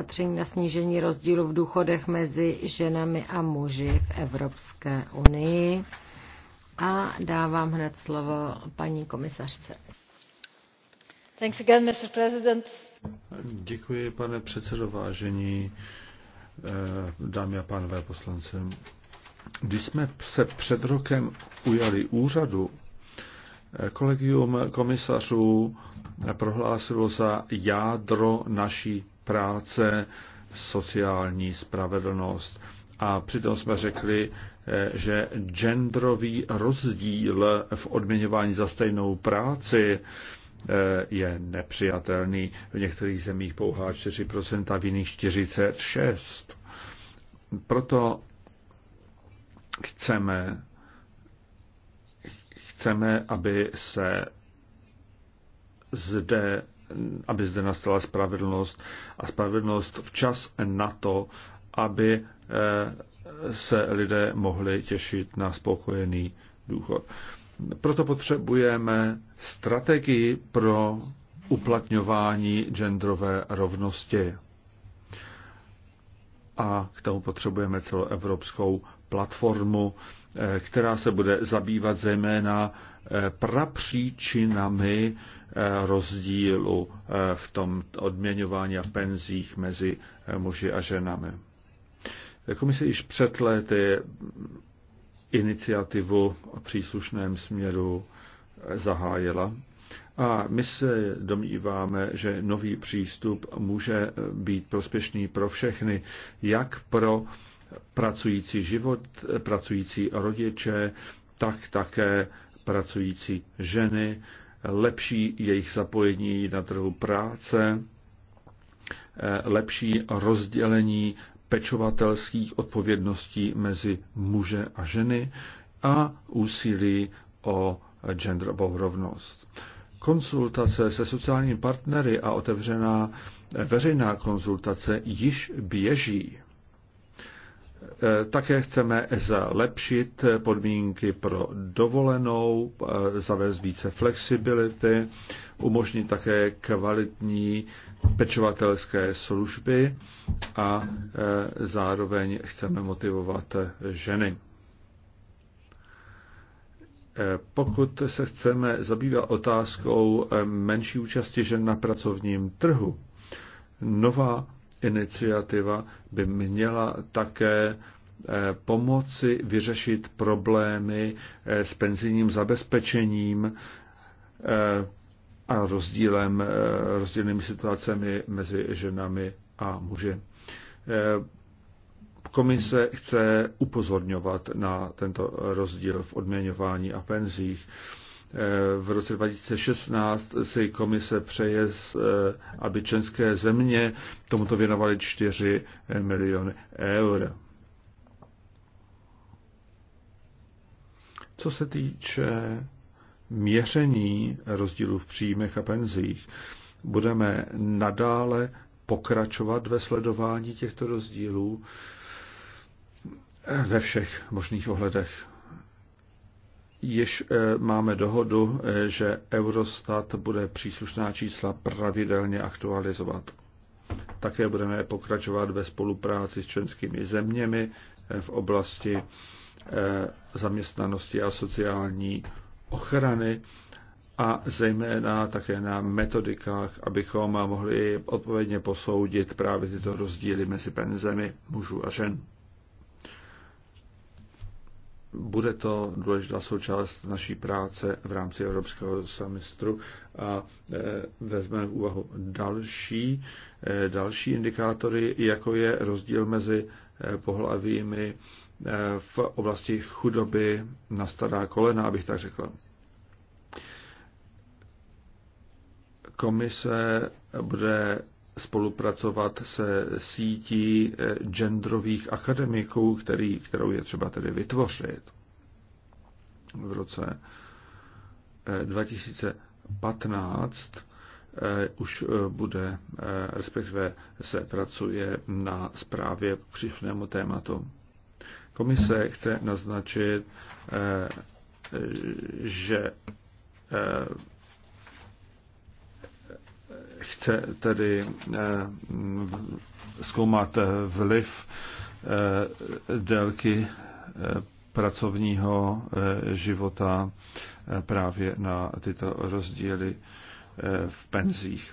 opatření na snížení rozdílu v důchodech mezi ženami a muži v Evropské unii. A dávám hned slovo paní komisařce. Thanks again, Mr. President. Děkuji, pane předsedo, vážení eh, dámy a pánové poslanci. Když jsme se před rokem ujali úřadu, eh, kolegium komisařů prohlásilo za jádro naší práce, sociální spravedlnost. A přitom jsme řekli, eh, že genderový rozdíl v odměňování za stejnou práci eh, je nepřijatelný. V některých zemích pouhá 4%, v jiných 46%. Proto chceme, chceme, aby se zde aby zde nastala spravedlnost a spravedlnost včas na to, aby eh, se lidé mohli těšit na spokojený důchod. Proto potřebujeme strategii pro uplatňování genderové rovnosti. A k tomu potřebujeme celoevropskou platformu, Eh, která se bude zabývat zejména eh, prapříčinami eh, rozdílu v tom odměňování a penzích mezi muži a ženami. Komise již před lety iniciativu o příslušném směru zahájila a my se domníváme, že nový přístup může být prospěšný pro všechny, jak pro pracující život, pracující rodiče, tak také pracující ženy, lepší jejich zapojení na trhu práce, lepší rozdělení pečovatelských odpovědností mezi muže a ženy a úsilí o genderovou rovnost. Konsultace se sociálními partnery a otevřená veřejná konzultace již běží. Eh, také chceme zlepšit podmínky pro dovolenou, eh, zavést více flexibility, umožnit také kvalitní pečovatelské služby a eh, zároveň chceme motivovat ženy. Pokud se chceme zabývat otázkou menší účasti žen na pracovním trhu, nová iniciativa by měla také eh, pomoci vyřešit problémy eh, s penzijním zabezpečením eh, a rozdílem, rozdílnými situacemi mezi ženami a muži. Komise chce upozorňovat na tento rozdíl v odměňování a penzích v roce 2016 si komise přeje, eh, aby české země tomuto věnovaly 4 miliony eur. Co se týče měření rozdílu v příjmech a penzích, budeme nadále pokračovat ve sledování těchto rozdílů ve všech možných ohledech již eh, máme dohodu, eh, že Eurostat bude příslušná čísla pravidelně aktualizovat. Také budeme pokračovat ve spolupráci s členskými zeměmi eh, v oblasti zaměstnanosti a sociální ochrany a zejména také na metodikách, abychom mohli odpovědně posoudit právě tyto rozdíly mezi penzemi mužů a žen bude to důležitá součást naší práce v rámci Evropského semestru a e, vezmeme v úvahu další, e, další indikátory, jako je rozdíl mezi e, pohlavími v oblasti chudoby na stará kolena, abych tak řekl. Komise bude spolupracovat se sítí eh, genderových akademiků, který, kterou je třeba tedy vytvořit. V roce 2015 eh, eh, už bude, respektive se pracuje na zprávě k příštímu tématu. Komise chce naznačit, že chce tedy eh, zkoumat vliv eh, délky eh, pracovního života právě na tyto rozdíly v penzích.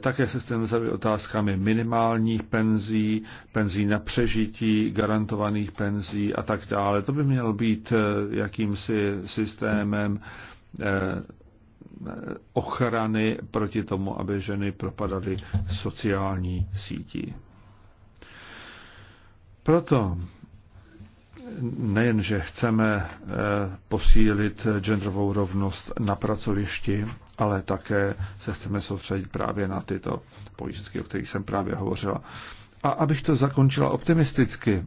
Také se chceme zabývat otázkami minimálních penzí, penzí na přežití, garantovaných penzí a tak dále. To by mělo být jakýmsi systémem ochrany proti tomu, aby ženy propadaly sociální sítí. Proto nejenže chceme eh, posílit genderovou rovnost na pracovišti, ale také se chceme soustředit právě na tyto pojistky, o kterých jsem právě hovořila. A abych to zakončila optimisticky,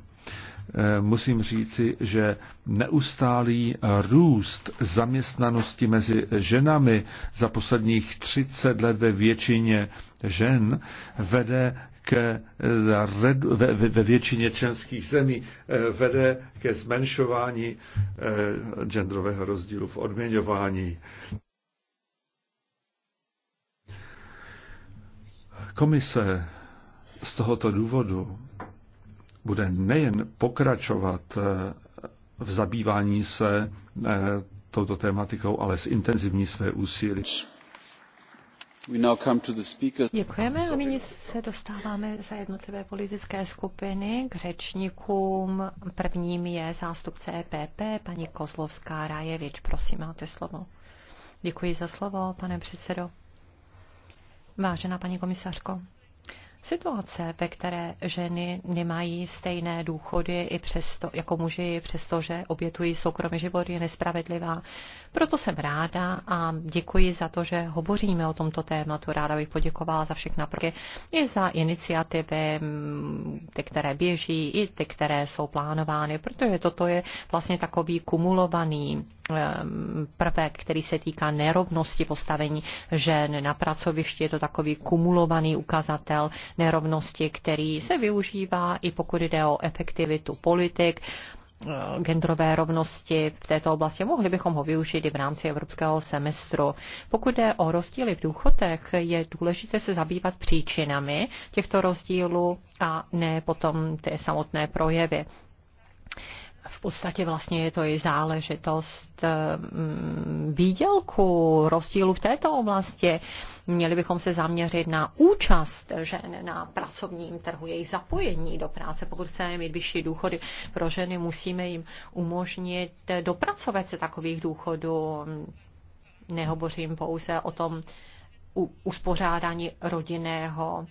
Eh, musím říci, že neustálý růst zaměstnanosti mezi ženami za posledních 30 let ve většině žen vede ke, eh, ve, ve většině členských zemí eh, vede ke zmenšování genderového rozdílu v odměňování. Komise z tohoto důvodu bude nejen pokračovat eh, v zabývání se eh, touto tématikou, ale zintenzivní své úsilí. Děkujeme a nyní se dostáváme za jednotlivé politické skupiny k řečníkům. Prvním je zástupce EPP, paní Kozlovská Rajevič. Prosím, máte slovo. Děkuji za slovo, pane předsedo. Vážená paní komisařko, Situace, ve které ženy nemají stejné důchody i přesto, jako muži, přestože obětují soukromý život, je nespravedlivá. Proto jsem ráda a děkuji za to, že hovoříme o tomto tématu. Ráda bych poděkovala za všechna prvky i za iniciativy, mm, ty, které běží, i ty, které jsou plánovány, protože toto je vlastně takový kumulovaný ehm, prvek, který se týká nerovnosti postavení žen na pracovišti. Je to takový kumulovaný ukazatel nerovnosti, který se využívá i pokud jde o efektivitu politik, genderové rovnosti v této oblasti. Mohli bychom ho využít i v rámci evropského semestru. Pokud jde o rozdíly v důchodech, je důležité se zabývat příčinami těchto rozdílů a ne potom ty samotné projevy podstatě vlastně je to i záležitost mm, výdělku, rozdílu v této oblasti. Měli bychom se zaměřit na účast žen na pracovním trhu, jejich zapojení do práce. Pokud chceme mít vyšší důchody pro ženy, musíme jim umožnit dopracovat se takových důchodů. Nehovořím pouze o tom uspořádání rodinného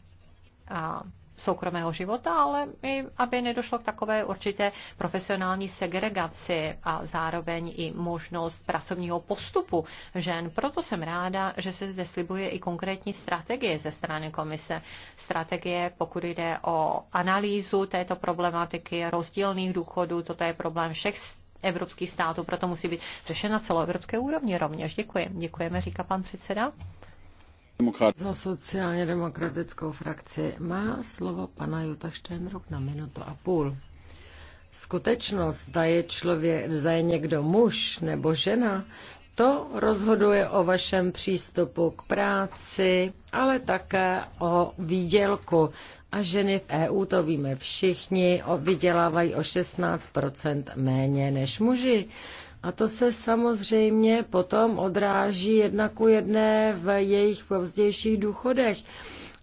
a soukromého života, ale i aby nedošlo k takové určité profesionální segregaci a zároveň i možnost pracovního postupu žen. Proto jsem ráda, že se zde slibuje i konkrétní strategie ze strany komise. Strategie, pokud jde o analýzu této problematiky rozdílných důchodů, toto je problém všech evropských států, proto musí být řešena celoevropské úrovni rovněž. Děkuji. Děkujeme, říká pan předseda. Demokrat. Za sociálně demokratickou frakci má slovo pana Juta Štenrok na minutu a půl. Skutečnost, zda je člověk, zda je někdo muž nebo žena, to rozhoduje o vašem přístupu k práci, ale také o výdělku. A ženy v EU, to víme všichni, vydělávají o 16 méně než muži. A to se samozřejmě potom odráží jedna ku jedné v jejich pozdějších důchodech.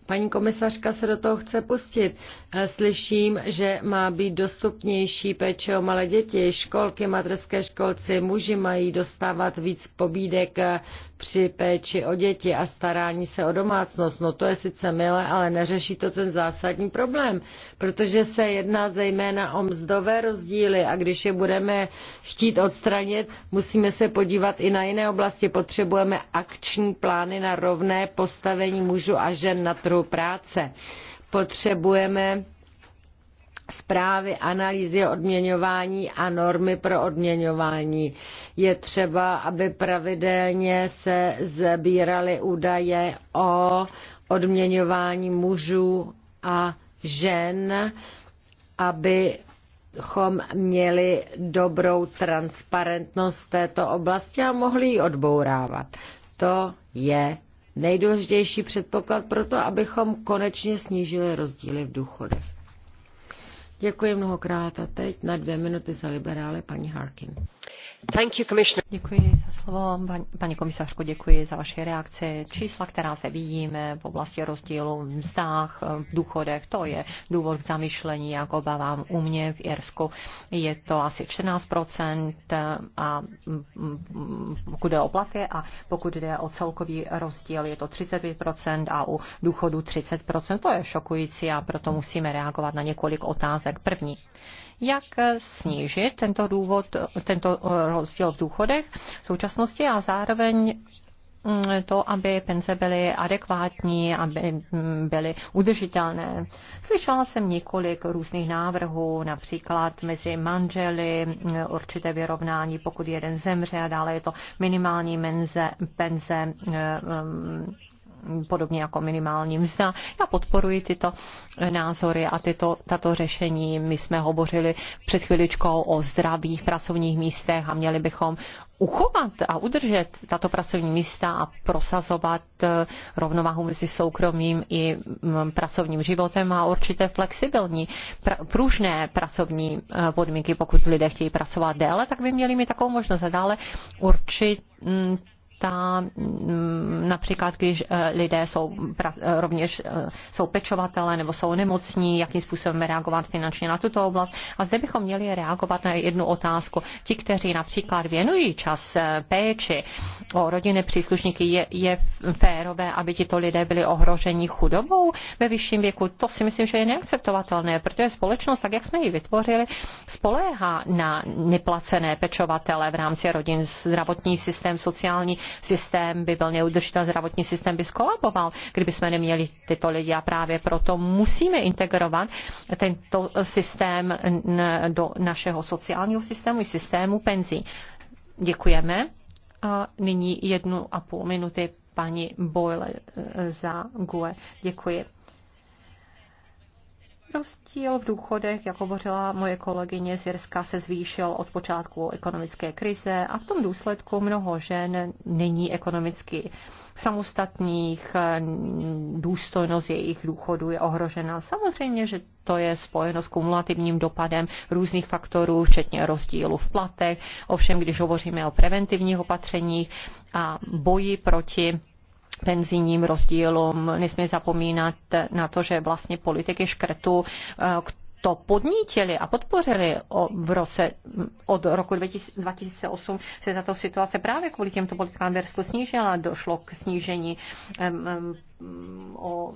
Paní komisařka se do toho chce pustit. Eh, slyším, že má být dostupnější péče o malé děti, školky, materské školci, muži mají dostávat víc pobídek eh, při péči o děti a starání se o domácnost. No to je sice milé, ale neřeší to ten zásadní problém, protože se jedná zejména o mzdové rozdíly a když je budeme chtít odstranit, musíme se podívat i na jiné oblasti. Potřebujeme akční plány na rovné postavení mužů a žen na trhu trhu práce. Potřebujeme zprávy, analýzy odměňování a normy pro odměňování. Je třeba, aby pravidelně se sbíraly údaje o odměňování mužů a žen, abychom měli dobrou transparentnost této oblasti a mohli ji odbourávat. To je nejdůležitější předpoklad pro to, abychom konečně snížili rozdíly v důchodech. Děkuji mnohokrát a teď na dvě minuty za liberály paní Harkin. Děkuji za slovo. Paní komisařko, děkuji za vaše reakce. Čísla, která se vidíme v oblasti rozdílu v mzdách, v důchodech, to je důvod k zamyšlení, jak obávám u mě v Irsku. Je to asi 14% a pokud jde o platy a pokud jde o celkový rozdíl, je to 35% a u důchodu 30%. To je šokující a proto musíme reagovat na několik otázek. První jak snížit tento důvod, tento eh, rozdíl v důchodech v současnosti a zároveň mm, to, aby penze byly adekvátní, aby mm, byly udržitelné. Slyšela jsem několik různých návrhů, například mezi manželi mm, určité vyrovnání, pokud jeden zemře a dále je to minimální menze, penze eh, podobně jako minimální mzda. Já podporuji tyto názory a tyto, tato řešení. My jsme hovořili před chviličkou o zdravých pracovních místech a měli bychom uchovat a udržet tato pracovní místa a prosazovat eh, rovnováhu mezi soukromým i mm, pracovním životem a určité flexibilní, pr- pružné pracovní eh, podmínky, pokud lidé chtějí pracovat déle, tak by měli mít takovou možnost a dále určit mm, důležitá, mm, například když eh, lidé jsou eh, rovněž eh, jsou pečovatele nebo jsou nemocní, jakým způsobem reagovat finančně na tuto oblast. A zde bychom měli reagovat na jednu otázku. Ti, kteří například věnují čas péči o rodiny příslušníky, je, je férové, aby tito lidé byli ohroženi chudobou ve vyšším věku. To si myslím, že je neakceptovatelné, protože společnost, tak jak jsme ji vytvořili, spoléhá na neplacené pečovatele v rámci rodin, zdravotní systém, sociální systém by byl neudržitelný, zdravotní systém by skolaboval, kdyby jsme neměli tyto lidi a právě proto musíme integrovat tento systém do našeho sociálního systému i systému penzí. Děkujeme. A nyní jednu a půl minuty paní Boyle za GUE. Děkuji. Rozdíl v důchodech, jak hovořila moje kolegyně z Jirska, se zvýšil od počátku ekonomické krize a v tom důsledku mnoho žen není ekonomicky samostatných, důstojnost jejich důchodu je ohrožena. Samozřejmě, že to je spojeno s kumulativním dopadem různých faktorů, včetně rozdílu v platech. Ovšem, když hovoříme o preventivních opatřeních a boji proti penzijním rozdílům. Nesmí zapomínat na to, že vlastně politiky škrtu eh, to podnítili a podpořili v roce, od roku 2008 se tato situace právě kvůli těmto politikám v snížila. Došlo k snížení um, um, o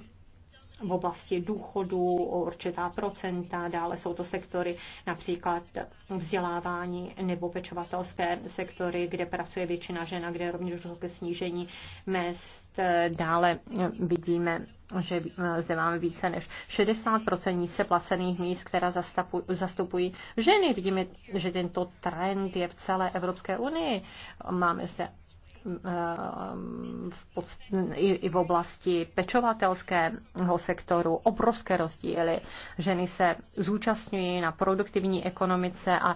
v oblasti důchodu, o určitá procenta, dále jsou to sektory například vzdělávání nebo pečovatelské sektory, kde pracuje většina žena, kde rovněž došlo ke snížení mest. Dále vidíme, že zde máme více než 60% nízce placených míst, která zastupují ženy. Vidíme, že tento trend je v celé Evropské unii. Máme zde i v oblasti pečovatelského sektoru obrovské rozdíly. Ženy se zúčastňují na produktivní ekonomice a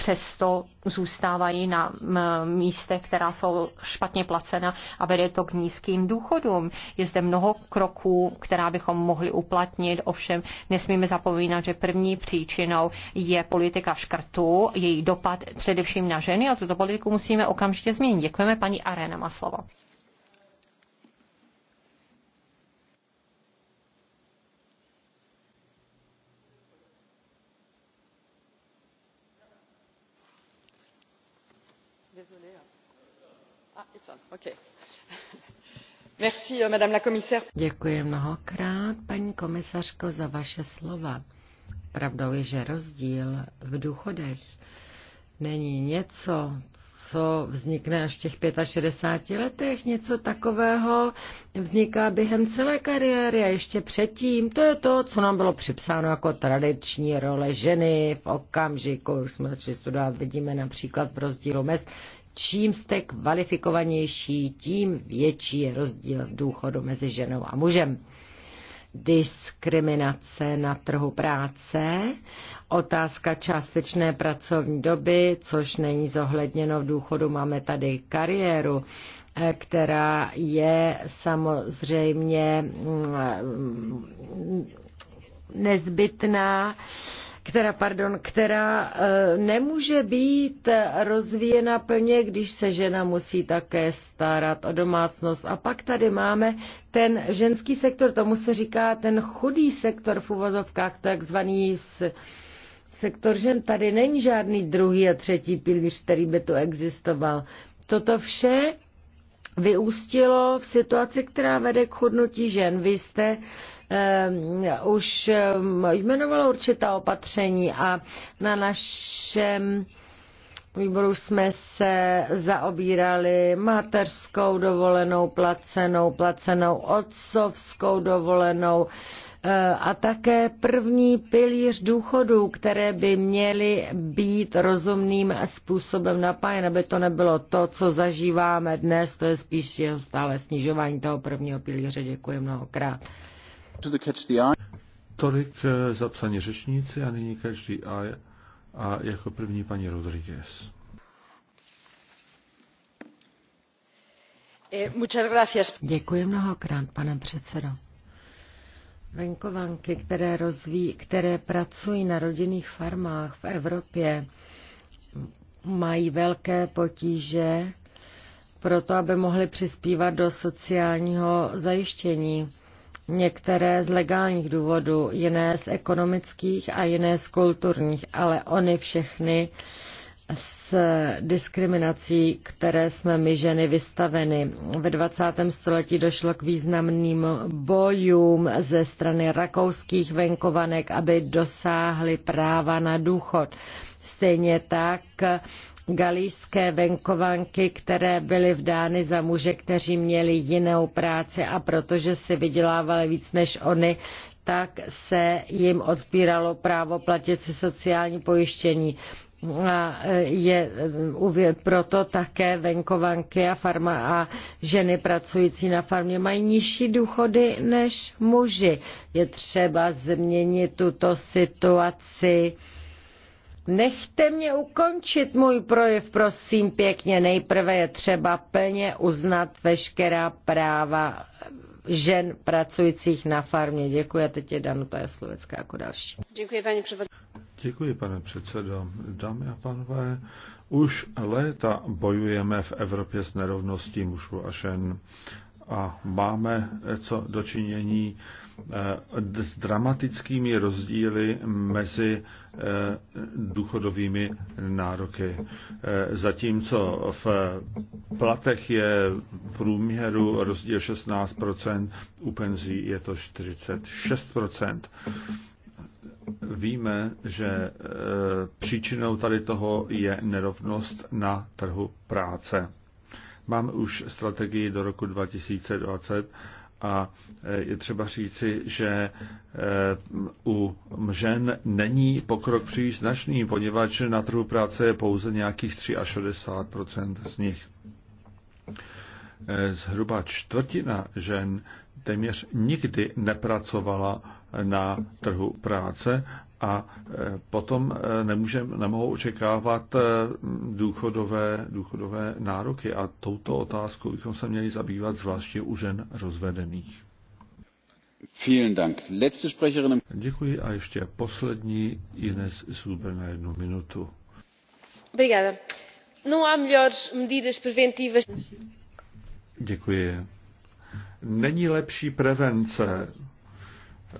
přesto zůstávají na místech, která jsou špatně placena a vede to k nízkým důchodům. Je zde mnoho kroků, která bychom mohli uplatnit, ovšem nesmíme zapomínat, že první příčinou je politika škrtů, její dopad především na ženy a tuto politiku musíme okamžitě změnit. Děkujeme paní Arena Maslovo. Ah, euh, Děkuji mnohokrát, paní komisařko, za vaše slova. Pravdou je, že rozdíl v důchodech není něco, co vznikne až v těch 65 letech. Něco takového vzniká během celé kariéry a ještě předtím. To je to, co nám bylo připsáno jako tradiční role ženy v okamžiku, jsme začali studovat, vidíme například v rozdílu mest. Čím jste kvalifikovanější, tím větší je rozdíl v důchodu mezi ženou a mužem diskriminace na trhu práce, otázka částečné pracovní doby, což není zohledněno v důchodu, máme tady kariéru, eh, která je samozřejmě mm, nezbytná která, pardon, která eh, nemůže být rozvíjena plně, když se žena musí také starat o domácnost. A pak tady máme ten ženský sektor, tomu se říká ten chudý sektor v uvozovkách, takzvaný sektor žen. Tady není žádný druhý a třetí pilíř, který by tu existoval. Toto vše vyústilo v situaci, která vede k chudnutí žen. Vy jste eh, už jmenovala určitá opatření a na našem výboru jsme se zaobírali materskou dovolenou placenou, placenou otcovskou dovolenou, Eh, a také první pilíř důchodů, které by měly být rozumným způsobem napájen, aby to nebylo to, co zažíváme dnes, to je spíš stále snižování toho prvního pilíře. Děkuji mnohokrát. Tolik eh, zapsaní řečníci a nyní každý a, a jako první paní Rodriguez. Eh, Děkuji mnohokrát, pane předsedo venkovanky, které, rozví, které pracují na rodinných farmách v Evropě, mají velké potíže proto, aby mohly přispívat do sociálního zajištění. Některé z legálních důvodů, jiné z ekonomických a jiné z kulturních, ale oni všechny s diskriminací, které jsme my ženy vystaveny. Ve 20. století došlo k významným bojům ze strany rakouských venkovanek, aby dosáhly práva na důchod. Stejně tak galijské venkovanky, které byly vdány za muže, kteří měli jinou práci a protože si vydělávali víc než oni, tak se jim odpíralo právo platit si sociální pojištění. A e, je e, proto také venkovanky a, farma a ženy pracující na farmě mají nižší důchody než muži. Je třeba změnit tuto situaci. Nechte mě ukončit můj projev, prosím pěkně. Nejprve je třeba plně uznat veškerá práva žen pracujících na farmě. Děkuji a teď je Danuta Jaslovecká jako další. Děkuji, paní předsedající Děkuji, pane předsedo. Dámy a pánové, už léta bojujeme v Evropě s nerovností mužů a žen a máme co dočinění eh, s dramatickými rozdíly mezi eh, důchodovými nároky. Eh, zatímco v platech je průměru rozdíl 16%, u penzí je to 46% víme, že e, příčinou tady toho je nerovnost na trhu práce. Mám už strategii do roku 2020 a e, je třeba říci, že e, u žen není pokrok příliš značný, poněvadž na trhu práce je pouze nějakých 63 z nich. Eh, zhruba čtvrtina žen téměř nikdy nepracovala na trhu práce a eh, potom eh, nemůžem, nemohou očekávat důchodové, důchodové nároky. A touto otázkou bychom se měli zabývat zvláště u žen rozvedených. Vielen Dank. Letzte Sprecherin. Děkuji a ještě poslední Ines Zuber na jednu minutu. Obrigada. Não há melhores medidas preventivas. Děkuji. Není lepší prevence eh,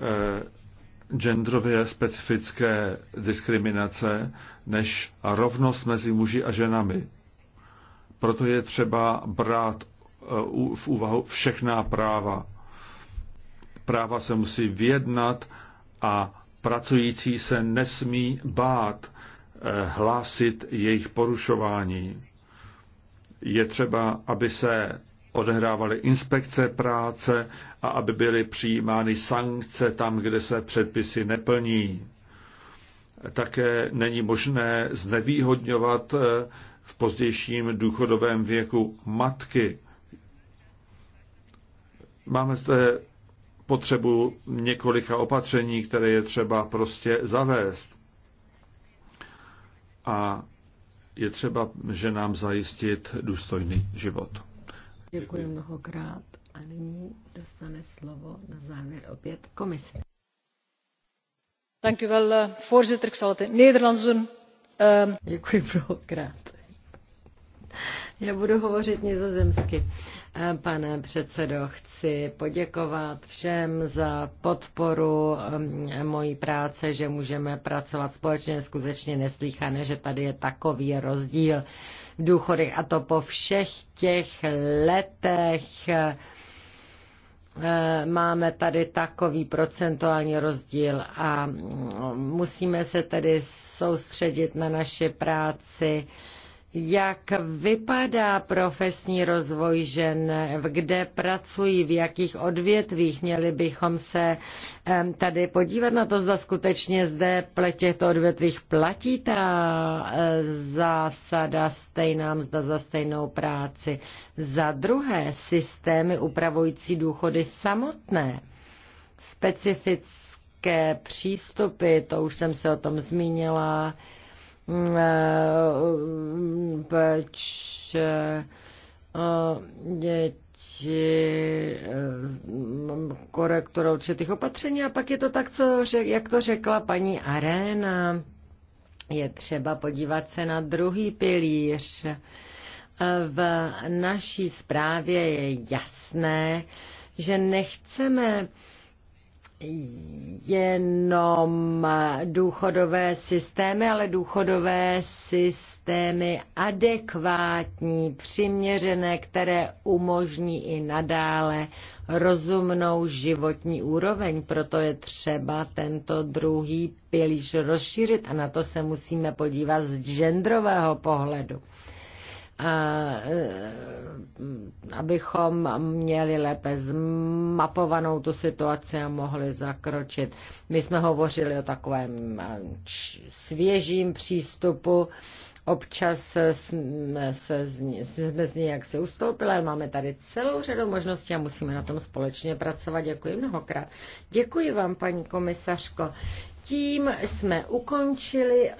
genderově specifické diskriminace než rovnost mezi muži a ženami. Proto je třeba brát eh, v úvahu všechna práva. Práva se musí vyjednat a pracující se nesmí bát eh, hlásit jejich porušování. Je třeba, aby se odehrávaly inspekce práce a aby byly přijímány sankce tam, kde se předpisy neplní. Také není možné znevýhodňovat eh, v pozdějším důchodovém věku matky. Máme zde potřebu několika opatření, které je třeba prostě zavést. A je třeba, že nám zajistit důstojný život. Děkuji mnohokrát a nyní dostane slovo na závěr opět komise. Dank u wel, eh, voorzitter. Ik zal het in het Nederlands doen. Ehm, Děkuji mnohokrát. Já budu hovořit nizozemsky. Eh, pane předsedo, chci poděkovat všem za podporu ehm, mojí práce, že můžeme pracovat společně. Skutečně neslýchané, že tady je takový rozdíl důchodech. A to po všech těch letech eh, máme tady takový procentuální rozdíl a musíme se tedy soustředit na naši práci jak vypadá profesní rozvoj žen, kde pracují, v jakých odvětvích. Měli bychom se tady podívat na to, zda skutečně zde v těchto odvětvích platí ta e, zásada stejná mzda za stejnou práci. Za druhé, systémy upravující důchody samotné, specifické přístupy, to už jsem se o tom zmínila, peče o děti, e, korektora určitých opatření. A pak je to tak, co, jak to řekla paní Arena, je třeba podívat se na druhý pilíř. V naší zprávě je jasné, že nechceme jenom důchodové systémy, ale důchodové systémy adekvátní, přiměřené, které umožní i nadále rozumnou životní úroveň. Proto je třeba tento druhý pilíř rozšířit a na to se musíme podívat z genderového pohledu. E, abychom měli lépe zmapovanou tu situaci a mohli zakročit. My jsme hovořili o takovém e, svěžím přístupu, občas jsme, se z ní, jsme z ní se ustoupili, ale máme tady celou řadu možností a musíme na tom společně pracovat. Děkuji mnohokrát. Děkuji vám, paní komisařko. Tím jsme ukončili